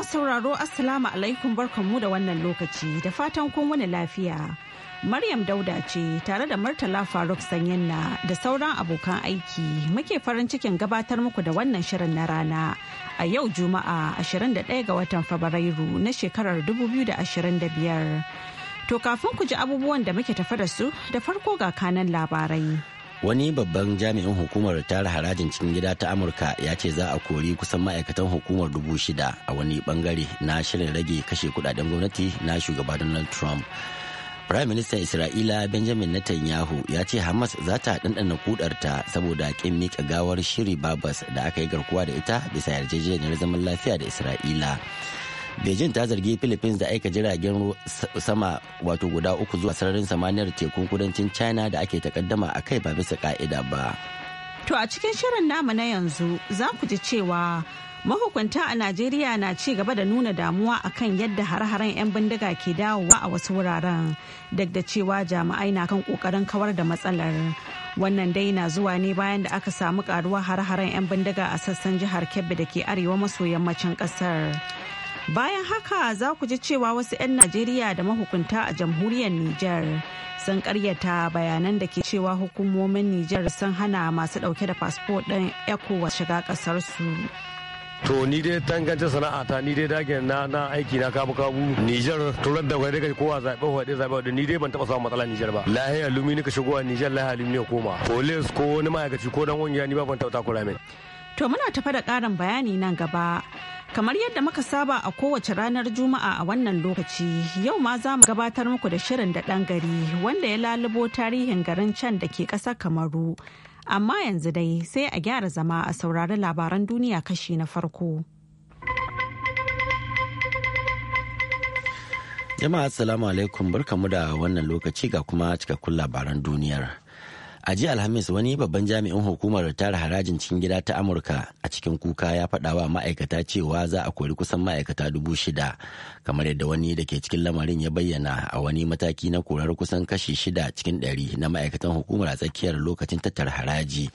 masu sauraro Assalamu alaikum barkanmu da wannan lokaci da fatan kun wani lafiya. Maryam Dauda ce tare da Murtala Faruk Sanyanna da sauran abokan aiki muke farin cikin gabatar muku da wannan shirin na rana a yau Juma'a 21 ga watan Fabrairu na shekarar 2025. To kafin ku ji abubuwan da muke tafa da su da farko ga kanan labarai. wani babban jami'in hukumar tara harajin cikin gida ta amurka ya ce za a kori kusan ma'aikatan hukumar dubu shida a wani bangare na shirin rage kashe kudaden gwamnati na shugaba donald trump prime minister isra'ila benjamin netanyahu ya ce hamas za ta ɗanɗana kudarta saboda ƙin miƙa gawar shiri babas da aka yi garkuwa da ita bisa yarjejeniyar zaman lafiya da isra'ila beijing ta zargi philippines da aika jiragen sama wato guda uku zuwa sararin samaniyar tekun kudancin china da ake takaddama a kai ba bisa ka'ida ba to a cikin shirin namu na yanzu za ku ji cewa mahukunta a najeriya na ci gaba da nuna damuwa akan yadda har-haren 'yan bindiga ke dawowa a wasu wuraren duk da cewa jami'ai na kan kokarin kawar da matsalar wannan dai na zuwa ne bayan da aka samu karuwar har-haren 'yan bindiga a sassan jihar kebbi da ke arewa maso yammacin kasar Bayan haka za ku ji cewa wasu 'yan Najeriya da mahukunta a jamhuriyar Nijar sun karyata bayanan da ke cewa hukumomin Nijar sun hana masu ɗauke da fasfo ɗin ECOWAS shiga ƙasarsu. to ni dai tangance ta ni dai dage na na aiki na kabu kabu Niger turar da wai daga kowa zabe kowa dai zabe da ni dai ban taba samu matsala Niger ba lahiya lumi ni ka shigo a Niger lahiya lumi ne koma police ko wani ma'aikaci ko dan wani ni ba ban tauta takura mai to muna tafa da karin bayani nan gaba Kamar yadda muka saba a kowace ranar Juma'a a wannan lokaci, yau ma za mu gabatar muku da shirin da ɗan gari wanda ya lalubo tarihin garin can da ke ƙasar Kamaru. Amma yanzu dai sai a gyara zama a saurari labaran duniya kashi na farko. Jama'a Assalamu alaikum barkamu da wannan lokaci ga kuma cikakkun labaran duniyar. a jiya alhamis wani babban jami'in hukumar tara harajin cikin gida ta amurka a cikin kuka ya faɗa wa ma'aikata cewa za a kori kusan ma'aikata dubu shida kamar yadda wani da ke cikin lamarin ya bayyana a wani mataki na korar kusan kashi shida cikin ɗari na ma'aikatan hukumar a tsakiyar lokacin tattara haraji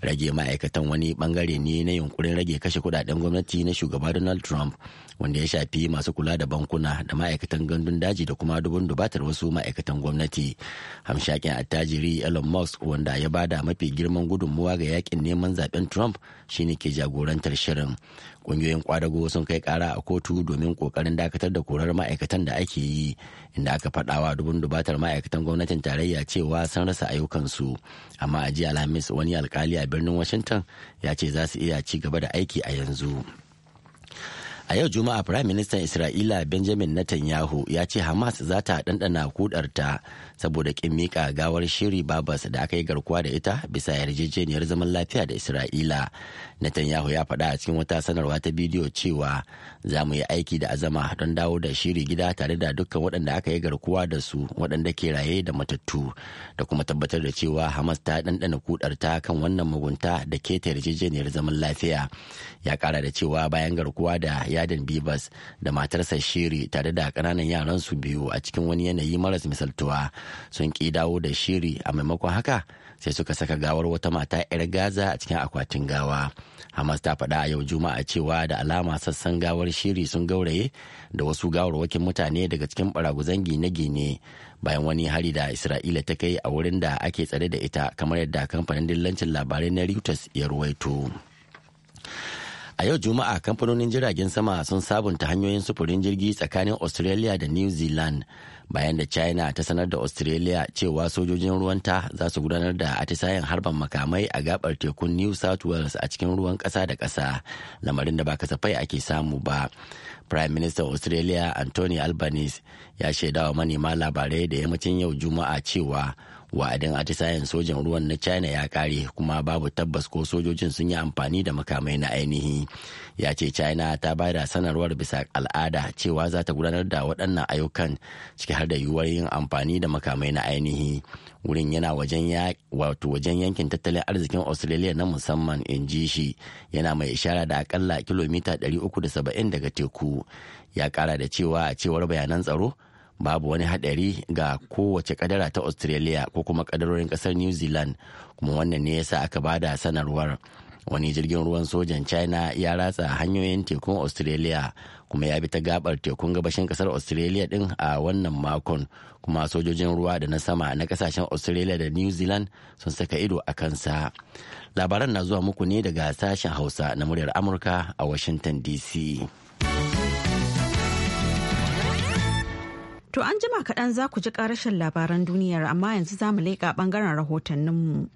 rage ma'aikatan wani bangare ne na yunkurin rage kashe kudaden gwamnati na shugaba donald trump wanda ya shafi masu kula da bankuna da ma'aikatan gandun daji da kuma dubun dubatar wasu ma'aikatan gwamnati hamshakin attajiri elon musk wanda ya bada mafi girman gudunmuwa ga yakin neman zaben trump shine ke jagorantar shirin ƙungiyoyin kwadago sun kai kara a kotu domin kokarin dakatar da korar ma'aikatan da ake yi inda aka faɗawa dubun dubatar ma'aikatan gwamnatin tarayya cewa sun rasa ayyukansu amma a jiya alhamis wani alkali a birnin washington ya ce za su iya ci gaba da aiki a yanzu. a yau juma'a firayim ministan isra'ila benjamin netanyahu ya ce hamas za ta ɗanɗana kudarta saboda ƙin miƙa gawar shiri babas da aka yi garkuwa da ita bisa yarjejeniyar zaman lafiya da isra'ila Netanyahu ya faɗa a cikin wata sanarwa ta bidiyo cewa za mu yi aiki da azama don dawo da shiri gida tare da dukkan waɗanda aka yi garkuwa da su waɗanda ke raye da matattu da kuma tabbatar da cewa Hamas ta ɗanɗana ta kan wannan mugunta da keta yarjejeniyar zaman lafiya. Ya ƙara da cewa bayan garkuwa da yadin Bibas da matarsa Shiri tare da ƙananan yaransu biyu a cikin wani yanayi maras misaltuwa sun ƙi dawo da Shiri a maimakon haka sai suka saka gawar wata mata 'yar gaza a cikin akwatin gawa hamas ta faɗa a yau juma'a cewa da alama sassan gawar shiri sun gauraye da wasu gawarwakin mutane daga cikin baraguzan gine-gine bayan wani hari da isra'ila ta kai a wurin da ake tsare da ita kamar yadda kamfanin dillancin labarai na reuters ya ruwaito a yau juma'a kamfanonin jiragen sama sun sabunta hanyoyin sufurin jirgi tsakanin australia da new zealand bayan da china ta sanar da australia cewa sojojin ruwanta za su gudanar da atisayen harban makamai a gabar tekun new south wales a cikin ruwan kasa da kasa lamarin da ba kasafai ake samu ba prime minister australia anthony albanese ya shaidawa manema labarai da yammacin yau juma'a cewa wa'adin atisayen sojan ruwan na china ya kare kuma babu tabbas ko sojojin sun yi amfani da makamai na ainihi ya ce china ta bayar da sanarwar bisa al'ada cewa za ta gudanar da waɗannan ayyukan ciki har da yiwuwar yin amfani da makamai na ainihi wurin yana wajen wato wajen yankin tattalin arzikin australia na musamman in ji shi yana mai ishara da akalla kilomita 370 daga teku ya kara da cewa a cewar bayanan tsaro babu wani hadari ga kowace kadara ta australia ko kuma kadarorin kasar new zealand kuma wannan ne yasa aka bada sanarwar wani jirgin ruwan sojan china ya ratsa hanyoyin tekun australia kuma ya bi ta gabar tekun gabashin kasar australia din a wannan makon kuma sojojin ruwa da na sama na kasashen australia da new zealand sun saka ido a kansa labaran na zuwa muku ne daga sashen hausa na muryar amurka a washington dc To an jima kaɗan za ku ji ƙarashin labaran duniyar amma yanzu za mu leƙa ɓangaren rahotanninmu.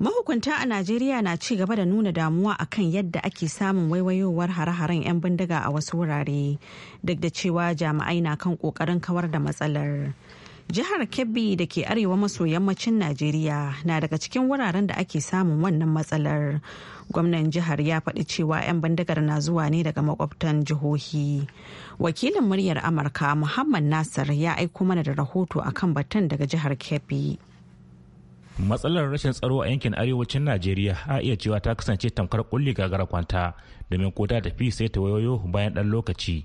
Mahukunta a Najeriya na ci gaba da nuna damuwa akan yadda ake samun waiwayowar hare-haren 'yan bindiga a wasu wurare duk da cewa jami'ai na kan ƙoƙarin kawar da matsalar. Jihar Kebbi da ke arewa maso yammacin Najeriya na daga cikin wuraren da ake samun wannan matsalar. Gwamnan jihar ya faɗi cewa 'yan bindigar na zuwa ne daga makwabtan jihohi. Wakilin muryar Amurka Muhammad Nasir ya aiko mana da rahoto a kan batun daga jihar Kebbi. matsalar rashin tsaro a yankin arewacin najeriya a iya cewa ta kasance tamkar kulli gagara kwanta domin ko ta tafi sai ta wayoyo bayan ɗan lokaci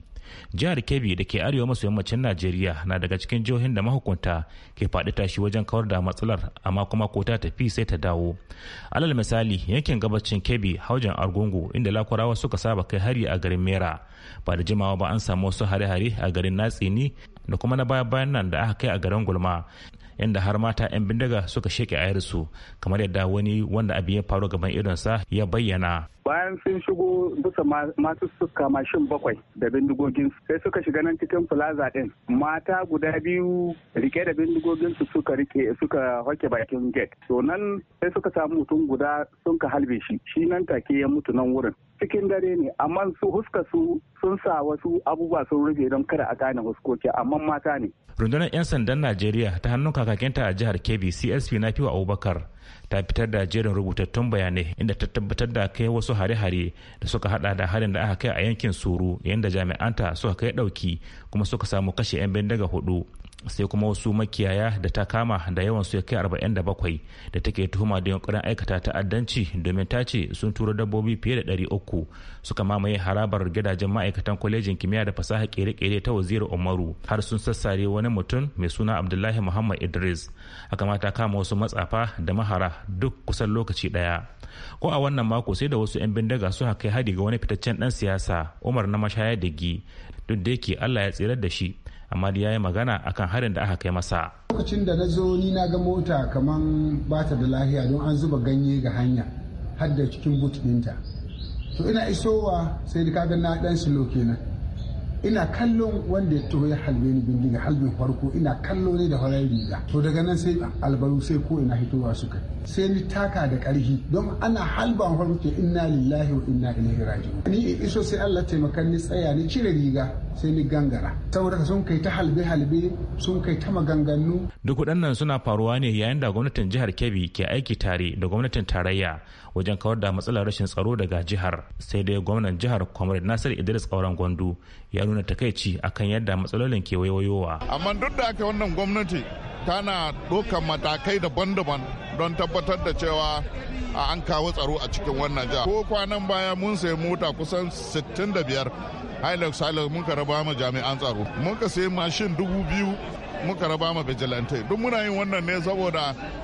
jihar kebbi da ke arewa maso yammacin najeriya na daga cikin jihohin da mahukunta ke faɗi tashi wajen kawar da matsalar amma kuma ko ta tafi sai ta dawo alal misali yankin gabacin kebbi haujan argungu inda lakurawa suka saba kai hari a garin mera ba da jimawa ba an samu wasu hare-hare a garin natsini da kuma na baya-bayan nan da aka kai a garin gulma inda har mata 'yan bindiga suka sheke ayarsu kamar yadda wani wanda abin ya faru gaban idonsa ya bayyana bayan sun shigo bisa masu suka mashin bakwai da bindigogin sai suka shiga nan cikin plaza din mata guda biyu rike da bindigogin su suka rike suka hoke bakin gate to nan sai suka samu mutum guda sun ka halbe shi shi nan take ya mutu nan wurin cikin dare ne amma su huska su sun sa wasu abubuwa sun rufe don kada a gane huskoki amma mata ne rundunar 'yan sandan najeriya ta hannun kakakinta a jihar kebbi csp na fiwa abubakar ta fitar da jerin rubutattun bayanai inda ta tabbatar da kai wasu hare-hare da suka hada da harin da aka kai a yankin suru yayin da jami'anta suka kai dauki kuma suka samu kashe 'yan bindiga hudu sai kuma wasu makiyaya da ta kama da yawan su ya kai arba'in da bakwai da take tuhuma da yankunan aikata ta'addanci domin ta ce sun turo dabbobi fiye da uku suka mamaye harabar gidajen ma'aikatan kwalejin kimiyya da fasaha kere-kere ta waziri umaru har sun sassare wani mutum mai suna abdullahi muhammad idris haka ma ta kama wasu matsafa da mahara duk kusan lokaci ɗaya ko a wannan mako sai da wasu 'yan bindiga suka kai hadi ga wani fitaccen ɗan siyasa umar na mashaya digi duk da yake allah ya tsirar da shi amma da ya yi magana akan harin da aka kai masa lokacin da na zo ni na ga mota kaman ba ta da lahiya don an zuba ganye ga hanya har da cikin but ɗinta to ina isowa sai da kaga na dan silo kenan ina kallon wanda ya taho ya halbe ni bindiga halbin farko ina kallo ne da horar riga to daga nan sai albaru sai ko ina hitowa suka sai ni taka da karfi don ana halban farko inna lillahi wa inna ilaihi raji'un ni iso sai Allah taimaka ni tsaya ni cire riga sai ni gangara saboda sun kai ta halbe-halbe sun kai ta maganganu duk waɗannan suna faruwa ne yayin da gwamnatin jihar kebbi ke aiki tare da gwamnatin tarayya wajen kawar da matsalar rashin tsaro daga jihar sai dai gwamnan jihar comrade nasir idris kauran gwandu ya nuna takaici akan yadda matsalolin ke wayoyowa amma duk da aka wannan gwamnati tana ɗaukar matakai daban-daban don tabbatar da cewa an kawo tsaro a cikin wannan jihar. ko kwanan baya mun sayi mota kusan 65 hilux hilux muka raba ma jami'an tsaro muka sayi mashin dubu biyu muka raba ma vigilante duk muna yin wannan ne saboda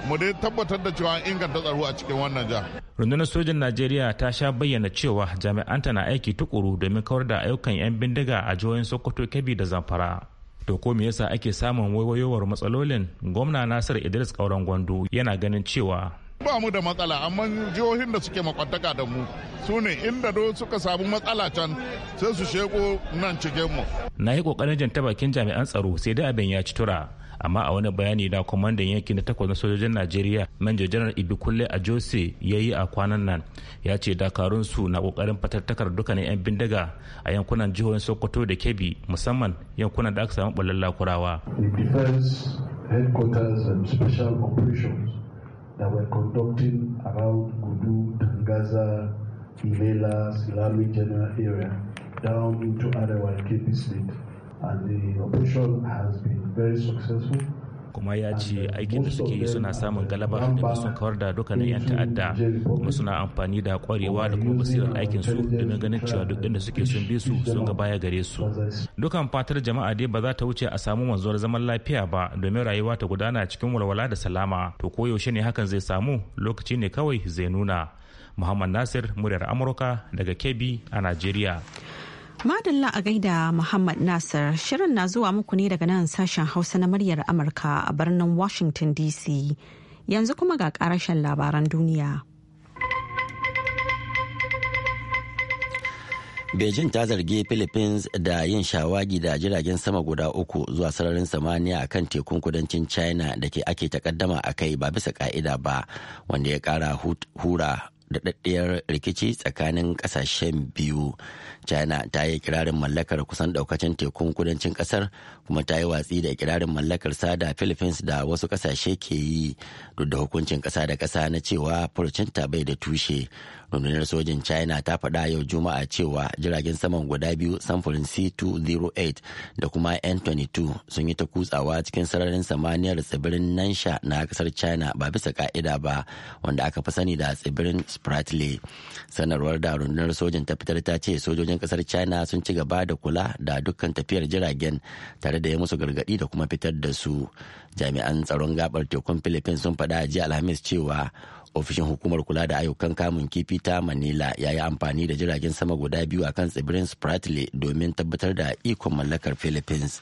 mu dai tabbatar da cewa inganta tsaro a cikin wannan ja rundunar sojin najeriya ta sha bayyana cewa jami'anta na aiki tukuru domin kawar da ayyukan 'yan bindiga a jihohin sokoto kebbi da zamfara to ko me yasa ake samun waiwayowar matsalolin gwamna nasir idris kauran gwandu yana ganin cewa ba mu da matsala amma jihohin da suke makwantaka da mu su ne inda do suka samu matsala can sai su sheko nan cikin mu na yi kokarin jan bakin jami'an tsaro sai dai abin ya ci tura amma a wani bayani na kwamandan yankin na takwas na sojojin najeriya manjo janar ibi kulle a jose ya yi a kwanan nan ya ce dakarun su na kokarin fatattakar dukkanin yan bindiga a yankunan jihohin sokoto da kebbi musamman yankunan da aka samu bullar lakurawa headquarters and special operations that were conducting around Gudu, Tangaza, Ilela, Silami general area down into Arewa and State. And the operation has been very successful. kuma ya ce uh, aikin da suke yi suna samun galaba domin sun kawar da dukkanin 'yan ta'adda kuma suna amfani da kwarewa da kuma basirar aikin su domin ganin cewa duk inda suke sun bi su sun ga baya gare su dukan fatar jama'a dai ba za ta wuce a samu wanzuwar zaman lafiya ba domin rayuwa ta gudana cikin walwala da salama to ko yaushe ne hakan zai samu lokaci ne kawai zai nuna muhammad nasir muryar amurka daga kebbi a najeriya Madalla a gaida Muhammad Nasir shirin na zuwa muku ne daga nan sashen Hausa na muryar Amurka a birnin Washington DC. Yanzu kuma ga karashen labaran duniya. Beijing ta zargi Philippines da yin shawagi da jiragen sama guda uku zuwa sararin samaniya a kan tekun kudancin China da ke ake takaddama a kai ba bisa ka'ida ba wanda ya kara hura daɗaɗɗiyar rikici tsakanin ƙasashen biyu china ta yi kirarin mallakar kusan ɗaukacin tekun kudancin ƙasar kuma ta yi watsi da kirarin mallakar sada philippines da wasu ƙasashe ke yi duk da hukuncin ƙasa da ƙasa na cewa furcinta bai da tushe rundunar sojin china ta faɗa yau juma'a cewa jiragen saman guda biyu samfurin c208 da kuma n22 sun yi ta kutsawa cikin sararin samaniyar tsibirin nansha na kasar china ba bisa ka'ida ba wanda aka fi sani da tsibirin spratly sanarwar da rundunar sojin ta fitar ta ce sojojin kasar china sun ci gaba da kula da dukkan tafiyar jiragen tare da ya musu gargaɗi da kuma fitar da su jami'an tsaron gabar tekun philippines sun faɗa jiya alhamis cewa ofishin hukumar kula da ayyukan kamun kifi ta manila ya yi amfani da jiragen sama guda biyu akan tsibirin spratly domin tabbatar da ikon mallakar philippines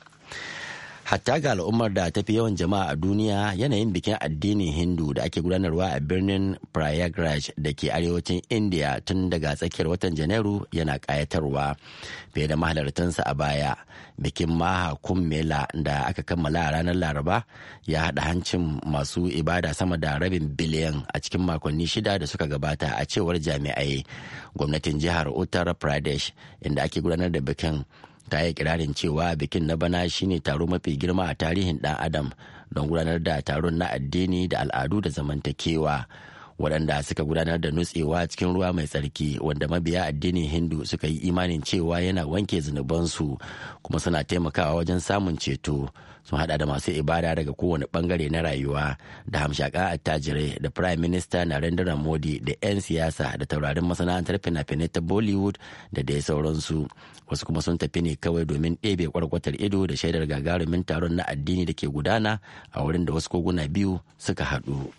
hatta ga al'ummar da tafi yawan jama'a a duniya yanayin bikin addinin hindu da ake gudanarwa a birnin prayagraj da ke arewacin india tun daga tsakiyar watan janairu yana kayatarwa fiye da mahalartansa a baya bikin maha kummela da aka kammala a ranar laraba ya haɗa hancin masu ibada sama da rabin biliyan a cikin makonni shida da suka gabata a cewar jami'ai gwamnatin jihar uttar pradesh inda ake gudanar da bikin ta yi kirarin cewa bikin na bana shine taro mafi girma a tarihin dan adam don gudanar da taron na addini da al'adu da zamantakewa waɗanda suka gudanar da nutsewa cikin ruwa mai tsarki wanda mabiya addinin hindu suka yi imanin cewa yana wanke zunubansu kuma suna taimakawa wajen samun ceto sun hada da masu ibada daga kowane bangare na rayuwa da hamshaka attajirai da prime minister narendra modi da 'yan siyasa da taurarin masana'antar fina-finai ta bollywood da dai sauransu wasu kuma sun tafi ne kawai domin ɗebe kwarkwatar ido da shaidar gagarumin taron na addini da ke gudana a wurin da wasu koguna biyu suka haɗu.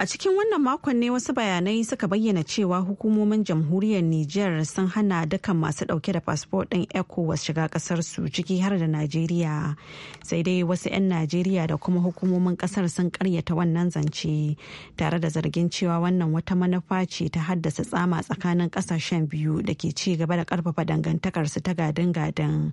A cikin wannan makon ne wasu bayanai suka bayyana cewa hukumomin jamhuriyar Nijar sun hana dukkan masu dauke da fasfot ɗin ECOWAS shiga ƙasar su ciki har da Najeriya. Sai dai wasu 'yan Najeriya da kuma hukumomin ƙasar sun karyata wannan zance tare da zargin cewa wannan wata manufa ce ta haddasa tsama tsakanin ƙasashen biyu da ke ci gaba da ƙarfafa dangantakarsu ta gadin-gadin.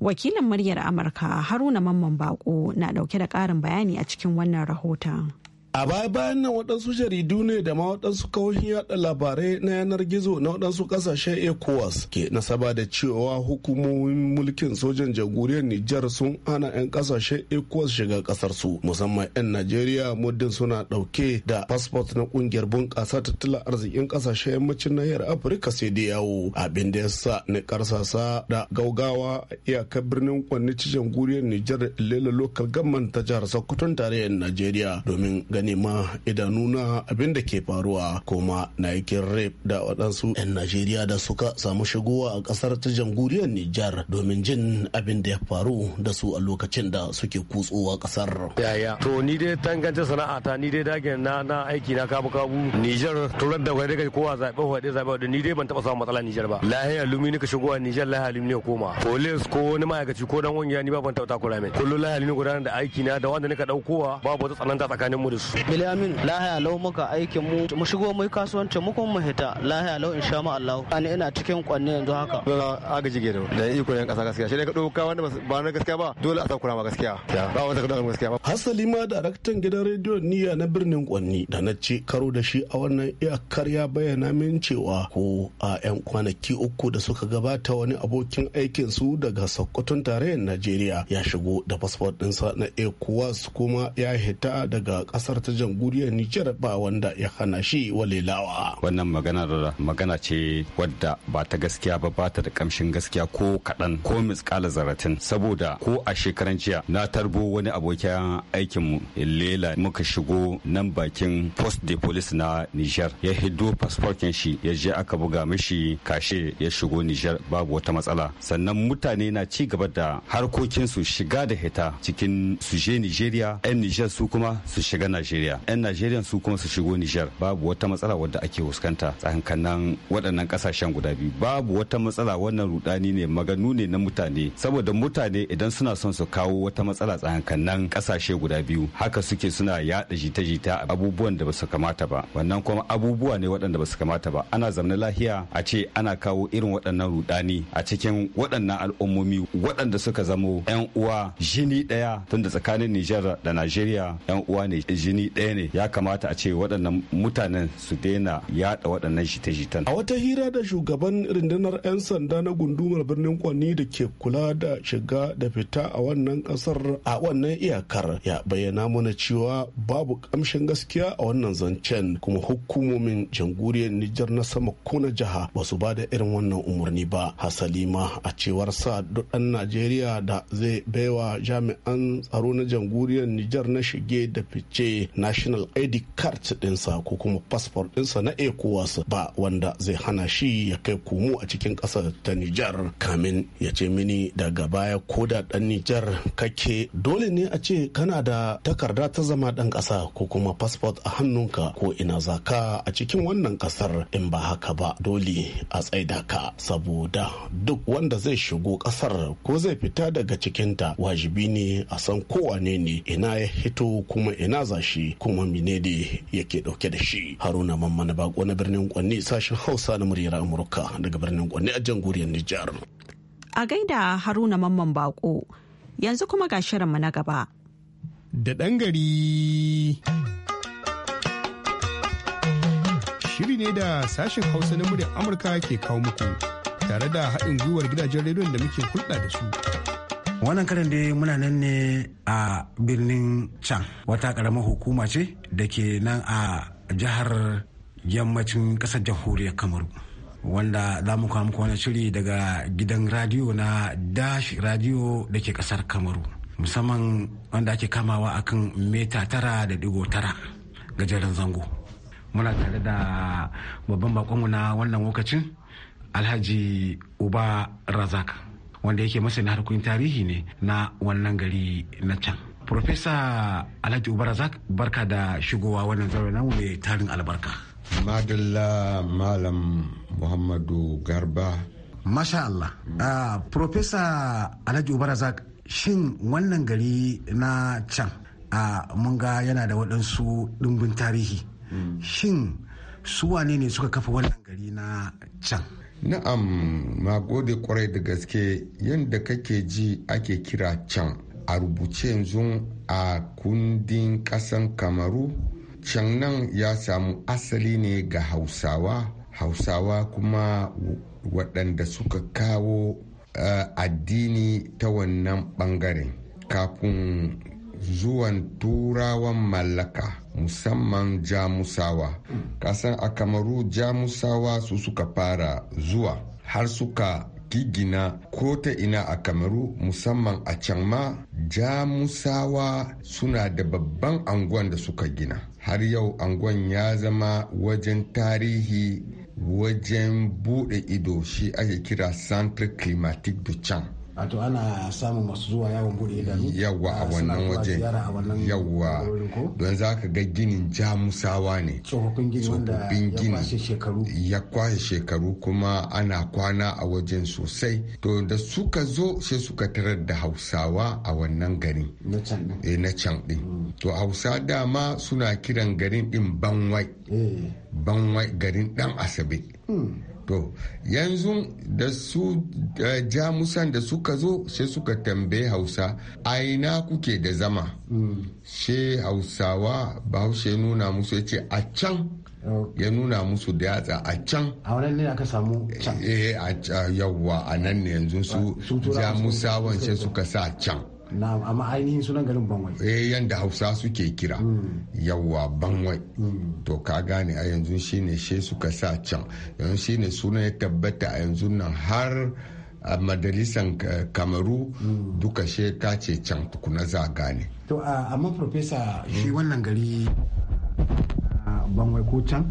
Wakilin muryar Amurka Haruna Mamman Bako na ɗauke da ƙarin bayani a cikin wannan rahoton. a baya bayan nan waɗansu jaridu ne da ma waɗansu kawohin yaɗa labarai na yanar gizo na waɗansu ƙasashen ecowas ke nasaba da cewa hukumomin mulkin sojan jamhuriyar nijar sun ana 'yan ƙasashen ecowas shiga ƙasar su musamman 'yan najeriya muddin suna ɗauke da fasfot na ƙungiyar bunƙasa tattalin arzikin ƙasashen yammacin nahiyar afirka sai da yawo abin da ya sa ni ƙarsasa da gaugawa a iyakar birnin kwanni jamhuriyar nijar lela lokal gamman ta jihar sokoton tarayyar najeriya domin gani. nema idanu na abin da ke faruwa kuma na yakin rape da waɗansu 'yan najeriya da suka samu shigowa a ƙasar ta jamhuriyar nijar domin jin abin da ya faru da su a lokacin da suke kutsowa ƙasar yaya to ni dai tangance ta ni dai dage na na aiki na kabu kabu nijar turar da wai daga kowa zaɓe waɗe zaɓe da ni dai ban taɓa samun matsala nijar ba lahiya lumi ni ka a nijar lahiya lumi ne koma polis ko wani ma'aikaci ko dan wani ni ba ban taɓa takura min kullum lahiya lumi gudanar da aiki na da wanda ni ka ɗaukowa babu wata tsananta tsakanin mu da su Bilamin lahaya lau muka aikin mu mu shigo mu kasuwanci mu kuma mu hita lahaya lau insha ma Allah. Ani ina cikin kwanne yanzu haka. Dole agaji gero da iko yan kasa gaskiya shi ne ka dauka wanda ba na gaskiya ba dole a sakura ma gaskiya. Ba wanda ka dauka gaskiya ba. Hasali ma daraktan gidan rediyon niya na birnin Kwanni da na ce karo da shi a wannan iyakar ya bayyana min cewa ko a yan kwanaki uku da suka gabata wani abokin aikin su daga Sokoton tarayyar Najeriya ya shigo da fasfot ɗinsa na ECOWAS kuma ya hita daga kasar ta jamhuriyar nijar ba wanda ya hana shi walelawa wannan maganar magana ce wadda ba ta gaskiya ba ba ta da kamshin gaskiya ko kaɗan ko miskala zaratin saboda ko a shekaran jiya na tarbo wani abokin aikinmu lela muka shigo nan bakin post de police na nijar ya hiddo fasfokin shi ya je aka buga mishi kashe ya shigo nijar babu wata matsala sannan mutane na ci gaba da harkokinsu shiga da hita cikin suje nijeriya yan nijar su kuma su shiga najeriya najeriya yan najeriya su kuma su shigo nijar babu wata matsala wadda ake fuskanta tsakankanin waɗannan ƙasashen guda biyu babu wata matsala wannan rudani ne maganu ne na mutane saboda mutane idan suna son su kawo wata matsala tsakankanin ƙasashe guda biyu haka suke suna yaɗa jita-jita abubuwan da ba su kamata ba wannan kuma abubuwa ne waɗanda ba su kamata ba ana na lahiya a ce ana kawo irin waɗannan rudani a cikin waɗannan al'ummomi waɗanda suka zamo 'yan uwa jini ɗaya tunda tsakanin nijar da najeriya 'yan uwa ne jini jini ɗaya ne ya kamata a ce waɗannan mutanen su daina yaɗa waɗannan shite-shiten. A wata hira da shugaban rundunar 'yan sanda na gundumar birnin kwani da ke kula da shiga da fita a wannan ƙasar a wannan iyakar ya bayyana mana cewa babu ƙamshin gaskiya a wannan zancen kuma hukumomin jamhuriyar Nijar na sama ko na jiha ba su ba da irin wannan umarni ba. Hasali ma a cewar sa duk ɗan Najeriya da zai baiwa jami'an tsaro na jamhuriyar Nijar na shige da fice national id card ɗinsa ko kuma passport ɗinsa na ecowas ba wanda zai hana shi ya kai kumu a cikin ƙasar ta nijar kamin ya ce mini daga baya ko da ɗan nijar kake dole ne a ce kana da takarda ta zama ɗan ƙasa ko kuma passport a hannunka ko ina zaka a cikin wannan ƙasar in ba haka ba dole a tsaida ka saboda duk wanda zai shigo ƙasar ko zai fita daga cikinta wajibi ne a san kowane ne ina ya hito kuma ina zashi shi kuma menene yake dauke da shi haruna mamman bako na birnin kwanne sashen hausa na muryar amurka daga birnin kwanne a jamhuriyar nijar a gaida haruna mamman bako yanzu kuma ga shirinmu na gaba da ɗan gari shiri ne da sashen hausa na muryar amurka ke kawo muku tare da haɗin gwiwar gidajen rediyon da muke hulɗa da su wannan karin dai muna nan ne a birnin can wata karamar hukuma ce da ke nan a jihar yammacin kasar jamhuriyar kamaru wanda za mu kawo muku wani shiri daga gidan radiyo na dash radiyo da ke kasar kamaru musamman wanda ake kamawa akan meta tara da digo tara gajeren zango muna tare da babban bakonmu na wannan lokacin alhaji uba razak wanda yake masani harkokin tarihi ne na wannan gari na can Profesa Alhaji Ubarazak barka da shigowa wannan zaure namu mai tarin albarka. Madalla Malam Muhammadu Garba. Masha Allah. Ah, Profesa Alhaji Ubarazak shin wannan gari na can a ah, mun ga yana da waɗansu ɗimbin tarihi. Mm. Shin su wane ne suka kafa wannan gari na can? Na'am, ma gode kwarai da gaske yadda kake ji ake kira can a rubuce yanzu a kundin ƙasan Kamaru. Can nan ya samu asali ne ga Hausawa, Hausawa kuma waɗanda suka kawo uh, addini ta wannan ɓangaren kafin zuwan turawan mallaka. musamman jamusawa kasan a kamaru jamusawa su suka fara zuwa har suka gigina ko ta ina a kamaru musamman a can ma jamusawa suna da babban angon da suka gina har yau angon ya zama wajen tarihi wajen bude ido shi ake kira centre climatique du can wato ana samun masu zuwa yawon bude idanu yawa a wannan waje yawa don za ka ga ginin jamusawa ne tsofaffin gini wanda ya kwashe shekaru ya kwashe shekaru kuma ana kwana a wajen sosai to da suka zo sai suka tarar da hausawa a wannan garin na can din eh, mm. to hausa dama suna kiran garin din banwai eh. banwai garin dan asabe mm. to yanzu da su eh, jamusan da suka zo sai suka tambaye hausa a ina kuke da zama mm. she hausawa bahaushe nuna musu ya ce a can ya nuna musu da yatsa a can a wannan ne aka samu can eh a yawwa a nan ne yanzu su jamusawan sai suka sa can amma ainihin sunan garin banwai eh yanda hausa suke kira hmm. yawa banwai hmm. to ka gane a yanzu shine she suka sa can yanzu shine sunan ya tabbata a yanzu nan har a majalisan kamaru hmm. duka she ka ce can tukuna za a gane to amma profesa shi wannan gari banwai ko can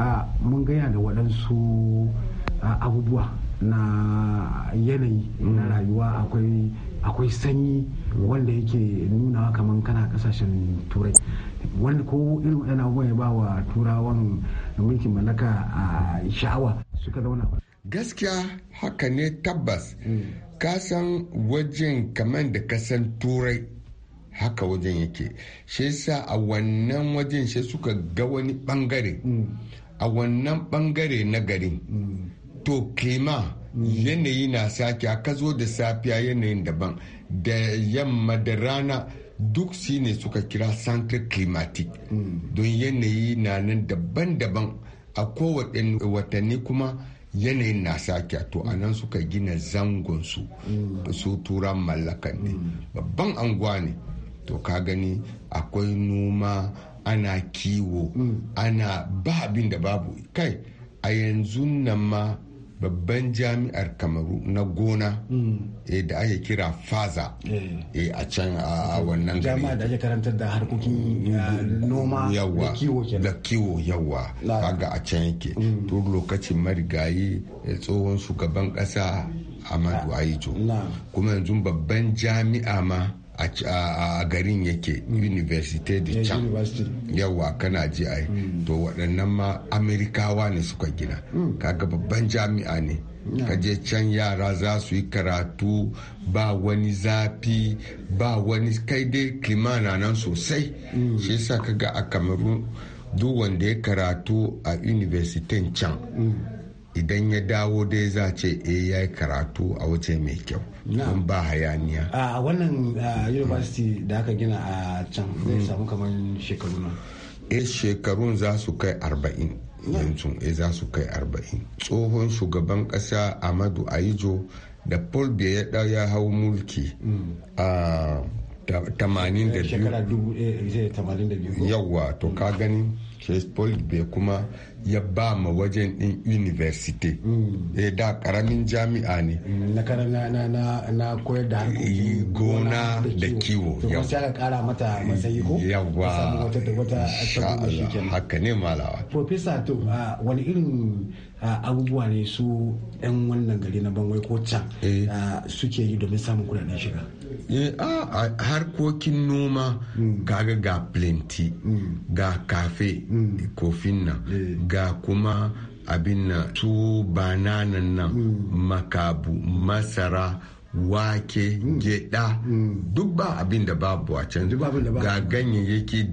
a mun gaya da waɗansu abubuwa na yanayi na mm. rayuwa akwai akwai sanyi wanda yake nunawa kamar kana kasashen turai wanda ko irin waɗannan abubuwa ya ba wa turawan mulkin mallaka a sha'awa suka zauna gaskiya haka ne tabbas mm. kasan wajen kamar da kasan turai haka wajen yake shi sa a wannan wajen shi suka ga wani bangare mm. a wannan bangare na garin to klima yanayi na sake aka zo da safiya yanayin daban da yamma da rana duk shi ne suka kira sankar climatic don yanayi na nan daban-daban a kowane watanni kuma yanayin na sake to a nan suka gina zangon su turan mallakan ne babban anguwa ne to ka gani akwai noma ana kiwo ana ba abin da babu kai a yanzu nan ma babban jami'ar kamaru na gona mm. eh, da ake kira faza eh. Eh, a can a wannan gari jami'a da ake karantar da harkokin mm, ah, noma da kiwo da kiwo yawa kaga a can yake mm. to lokacin marigayi tsohon shugaban kasa amadu ah. ayijo kuma yanzu babban jami'a ma a garin yake mm. university da eh, can yawa kana ji ai mm. to waɗannan ma amerikawa ne suka gina mm. kaga babban jami'a ne kaje can yara za su yi karatu ba wani zafi ba wani kai dai kimana nan sosai shi yasa kaga a kamaru duk wanda ya karatu a university can idan ya dawo dai za ce e ya yi karatu a waje mai kyau don ba hayaniya a wannan university da aka gina a can zai hmm. samu kamar shekaru na. e eh, shekarun za su kai arba'in yanzu e za su kai arba'in tsohon shugaban kasa amadu ayijo da paul biya ya hau mulki hmm. a biyu. yawa to ka gani Hezbollah bai kuma ya ba ma wajen din university mm. eh da karamin jami'a ne mm, na na na na koyar da harkoki eh, gona da kiwo ya sai aka kara mata eh, matsayi ko yawa wata wata haka ne malawa professor to ah, wani irin ah, abubuwa ne su 'yan wannan gari na bangwai ko can eh. ah, suke yi domin samun kudaden shiga harkokin noma mm. kaga ga plenty ga kafe Mm. kofin nan eh. ga kuma abin nan su bananan nan mm. makabu masara wake gyaɗa duk ba abin da babu a can ga ganyayyaki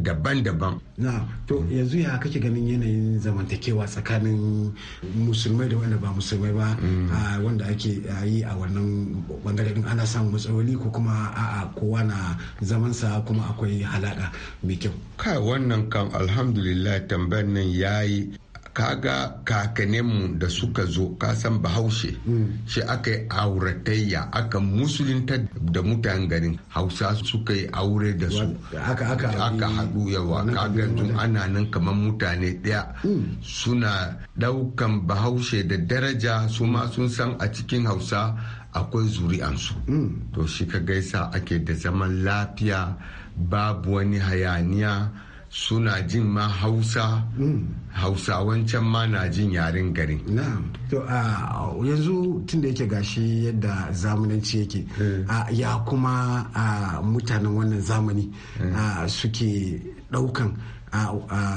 daban-daban na to yanzu ya kake ganin yanayin zamantakewa tsakanin musulmai da wanda ba musulmai ba mm. wanda ake yi a wannan bangaren ana samun matsaloli ko kuma a'a kowa na zamansa kuma akwai halaka mai kyau kai wannan kam alhamdulillah tambayar nan ya yi. kaga kakaninmu da suka zo kasan bahaushe mm. shi aka yi auratayya aka musulunta da mutanen garin hausa suka yi aure da su aka haɗu yawa kaga tun ana nan kamar mutane ɗaya mm. suna ɗaukan bahaushe da daraja su ma sun san a cikin hausa akwai zuri'ansu mm. to shi ka gaisa ake da zaman lafiya babu wani hayaniya suna jin ma hausa mm. hausawancan ma na jin yaren gari to yanzu tun da yake gashi yadda zamananci yake eh. ya kuma mutanen wannan zamani eh. suke daukan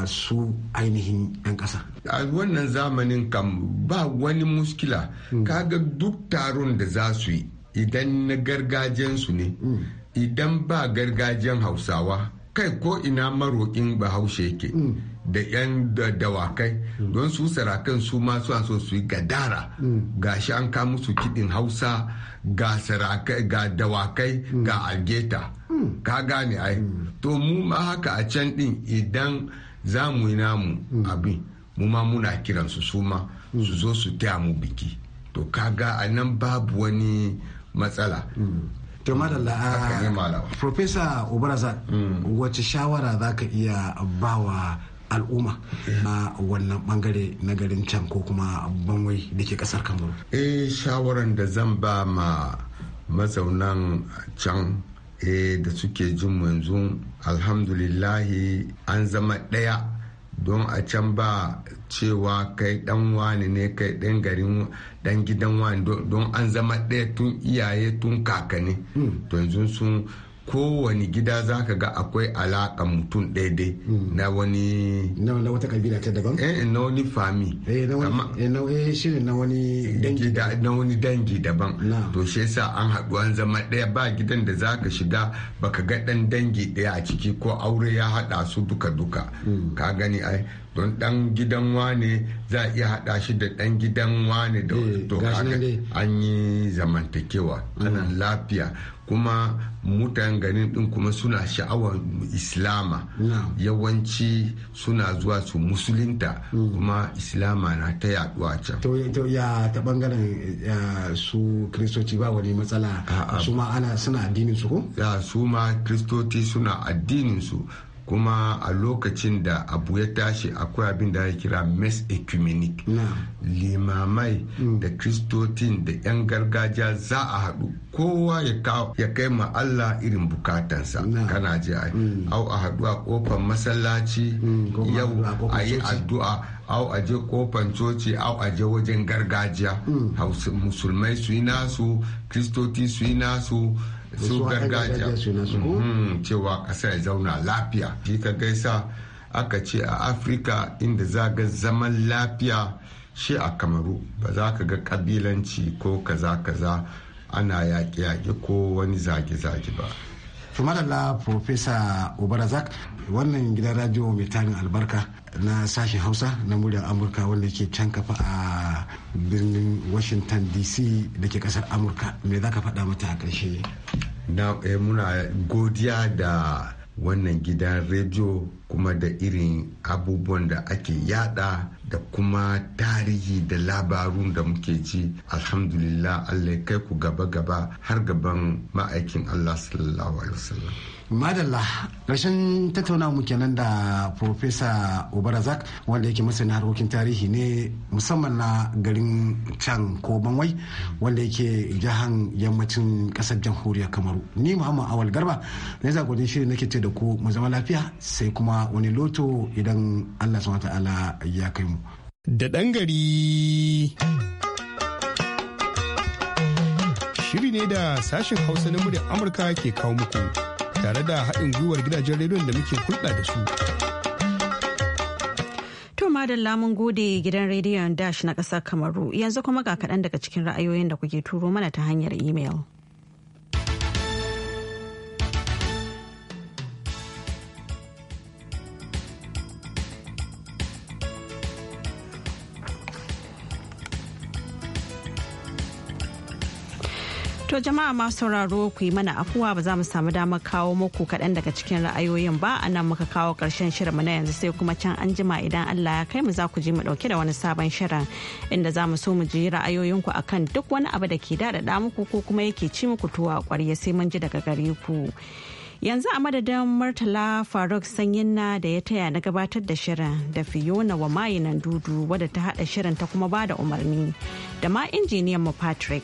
su ainihin 'yan ƙasa. a wannan zamanin kam ba wani muskila mm. kaga duk taron da za su yi idan na gargajensu ne mm. idan ba gargajen hausawa kai ko ina marokin bahaushe yake mm. da 'yan dawakai mm. don su sarakan su ma su so su yi gadara mm. ga shi an ka musu kiɗin hausa ga dawakai ga algeta ka gane ai to mu ma haka a can ɗin idan za mu yi namu abin mu ma muna kiransu su ma su zo su taya mu biki to kaga a nan babu wani matsala to madalla ah, profesa obarazak mm. wace shawara za ka iya bawa al'umma na eh. ah, wannan bangare na garin can ko kuma banwai da ke kasar kamaru eh shawaran da zan ba ma mazaunan can eh da suke jin yanzu alhamdulillahi an zama ɗaya don a can ba cewa kai dan wani ne kai dan garin dan gidan wani don an zama ɗaya tun iyaye tun kakanni hmm. to yanzu sun kowane gida za ka ga akwai alaƙa mutum ɗaya hmm. na wani na wata kabila ta daban eh, na wani fami eh na wani eh, na eh, dangi na wani dangi daban to shi yasa an haɗu an zama ɗaya ba gidan da za ka shiga baka ga ɗan dangi ɗaya a ciki ko aure ya haɗa su duka duka hmm. ka gani ai don dan gidan wane za a iya hada shi da dan gidan wane da wani eh, an yi zamantakewa ana mm. lafiya kuma mutanen ganin din kuma suna sha'awar islama yawanci suna zuwa su musulinta. Mm. kuma islama na ta yaduwa can to ya ta bangaren su kristoci ba wani matsala su ma ana suna addinin su ko ya su ma kristoci suna addinin su kuma a lokacin da abu ya tashi akwai abin da ya kira mes ecumenic limamai mm. da kristotin da 'yan gargajiya za a haɗu kowa ya kai ma Allah irin bukatansa kana ji a mm. au a haɗu a kofar masallaci mm, yau a yi addu'a au a je kofan coci au a je wajen gargajiya musulmai su yi nasu kristoti su yi nasu su gargajiya mm-hmm. cewa ƙasa ya zauna lafiya shi ka gaisa aka ce a afirka inda za ga zaman lafiya shi a kamaru ba za ka ga kabilanci ko kaza kaza ana yaƙi-yaƙi ko wani zage-zage ba tumalala profesa obarazak wannan gidan radio mai tarin albarka na sashen hausa na muryar amurka wanda ke can kafa a birnin washington dc da ke kasar amurka me za ka faɗa mata a ƙarshe na eh, muna godiya da wannan gidan rediyo kuma da irin abubuwan da ake yada da kuma tarihi da labarun da muke ji alhamdulillah allah kai ku gaba-gaba har gaban ma'aikin allah sallallahu alaihi wasallam madalla ƙarshen tattauna mu kenan da profesa obarazak wanda yake masana harkokin tarihi ne musamman na garin can ko banwai wanda yake jihan yammacin ƙasar jamhuriyar kamaru ni muhammad awal garba na zagwajin shirin nake ce da ku mu zama lafiya sai kuma wani loto idan allah subhanahu ta'ala ya kai mu da ɗan gari shiri ne da sashen hausa na muryar amurka ke kawo muku tare da haɗin gwiwar gidajen rediyon da muke hulɗa da su. To madalla mun gode gidan rediyon Dash na ƙasar Kamaru yanzu kuma ga kaɗan daga cikin ra'ayoyin da kuke turo mana ta hanyar imel. To jama'a ma sauraro ku yi mana afuwa ba za mu samu damar kawo muku kaɗan daga cikin ra'ayoyin ba a nan muka kawo ƙarshen shirinmu na yanzu sai kuma can an jima idan Allah ya kai mu za ku ji mu ɗauke da wani sabon shirin inda za mu so mu ji ra'ayoyinku kan duk wani abu da ke daɗaɗa muku ko kuma yake ci muku tuwa ƙwarya sai mun ji daga gare ku. yanzu a madadin murtala faruk sanyinna da ya taya na gabatar da shirin da fiona wa mayinan dudu wadda ta haɗa shirin ta kuma ba da umarni da ma injiniyan mu patrick